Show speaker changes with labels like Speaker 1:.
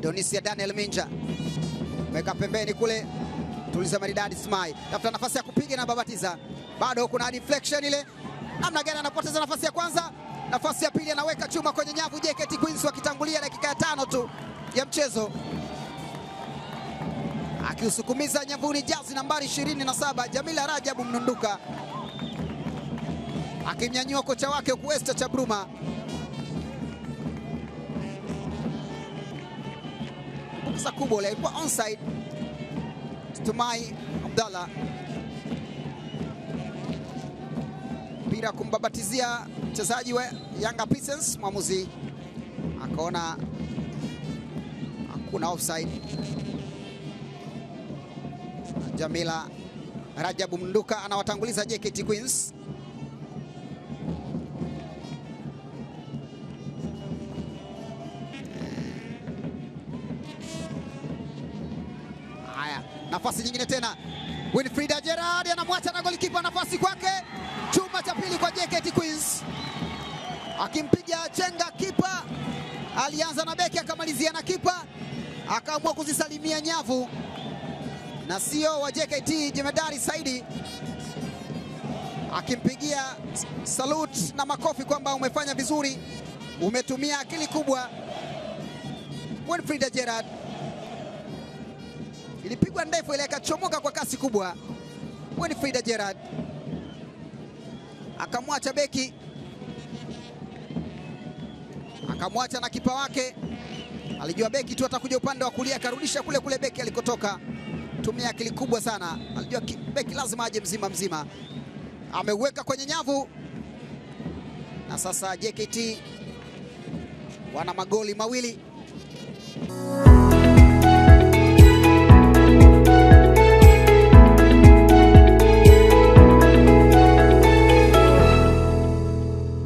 Speaker 1: Donisia Daniel Minja meka pembeni kule, tuliza maridadi Smai, tafuta nafasi ya kupiga na babatiza, bado kuna deflection ile, namna gani anapoteza nafasi ya kwanza, nafasi ya pili anaweka chuma kwenye nyavu. JKT Queens wakitangulia dakika ya tano tu ya mchezo, akiusukumiza nyavuni jazi nambari 27 Jamila Rajabu Mnunduka akimnyanyua kocha wake Kuesta Chabruma. Hamza Kubole kwa onside. Tumai Abdalla mpira kumbabatizia mchezaji wa Yanga Prisons, mwamuzi akaona hakuna offside. Jamila Rajabu Mnduka anawatanguliza JKT Queens. Nafasi nyingine tena, Winfrida Gerard anamwacha na golikipa, nafasi kwake, chuma cha pili kwa JKT Queens, akimpiga chenga kipa. Alianza na beki akamalizia na kipa, akaamua kuzisalimia nyavu na sio wa JKT Jemedari Saidi akimpigia salute na makofi kwamba umefanya vizuri, umetumia akili kubwa Winfrida Gerard ilipigwa ndefu ile ikachomoka kwa kasi kubwa. Winfrida Gerard akamwacha beki, akamwacha na kipa wake. Alijua beki tu atakuja upande wa kulia, akarudisha kule kule beki alikotoka. Tumia akili kubwa sana, alijua beki lazima aje mzima mzima, ameuweka kwenye nyavu. Na sasa JKT wana magoli mawili.